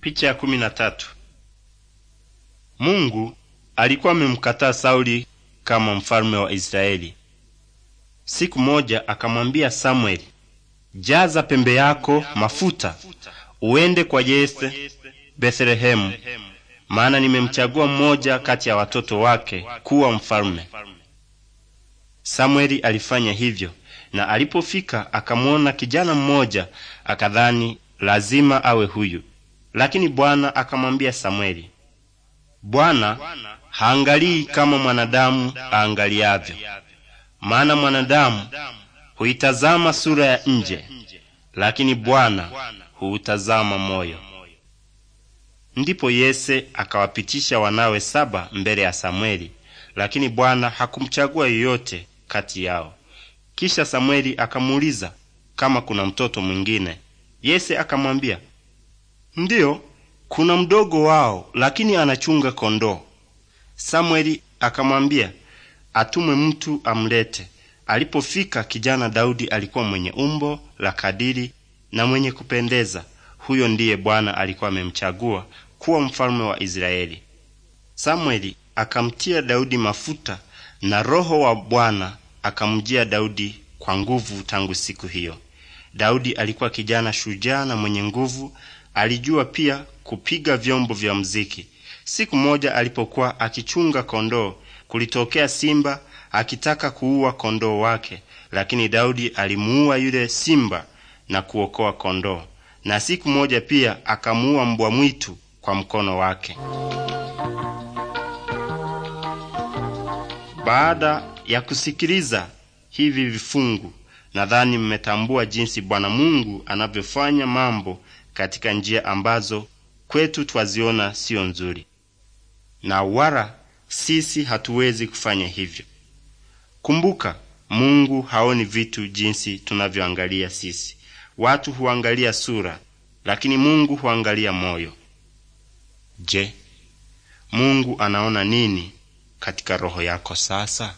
Picha ya kumi na tatu. Mungu alikuwa amemkataa Sauli kama mfalme wa Israeli. Siku moja akamwambia Samweli, jaza pembe yako mafuta uende kwa Yese Bethlehemu, maana nimemchagua mmoja kati ya watoto wake kuwa mfalme. samueli alifanya hivyo, na alipofika akamwona kijana mmoja, akadhani lazima awe huyu. Lakini Bwana akamwambia Samweli, Bwana haangalii kama mwanadamu aangaliavyo, maana mwanadamu huitazama sura ya nje, lakini Bwana huutazama moyo. Ndipo Yese akawapitisha wanawe saba mbele ya Samweli, lakini Bwana hakumchagua yoyote kati yao. Kisha Samweli akamuuliza kama kuna mtoto mwingine. Yese akamwambia Ndiyo, kuna mdogo wao, lakini anachunga kondoo. Samweli akamwambia atumwe mtu amlete. Alipofika, kijana Daudi alikuwa mwenye umbo la kadiri na mwenye kupendeza. Huyo ndiye Bwana alikuwa amemchagua kuwa mfalme wa Israeli. Samweli akamtia Daudi mafuta na Roho wa Bwana akamjia Daudi kwa nguvu. Tangu siku hiyo Daudi alikuwa kijana shujaa na mwenye nguvu, Alijua pia kupiga vyombo vya mziki Siku moja alipokuwa akichunga kondoo, kulitokea simba akitaka kuua kondoo wake, lakini Daudi alimuua yule simba na kuokoa kondoo. Na siku moja pia akamuua mbwa mwitu kwa mkono wake. Baada ya kusikiliza hivi vifungu, nadhani mmetambua jinsi Bwana Mungu anavyofanya mambo katika njia ambazo kwetu twaziona siyo nzuri, na wala sisi hatuwezi kufanya hivyo. Kumbuka, Mungu haoni vitu jinsi tunavyoangalia sisi. Watu huangalia sura, lakini Mungu huangalia moyo. Je, Mungu anaona nini katika roho yako sasa?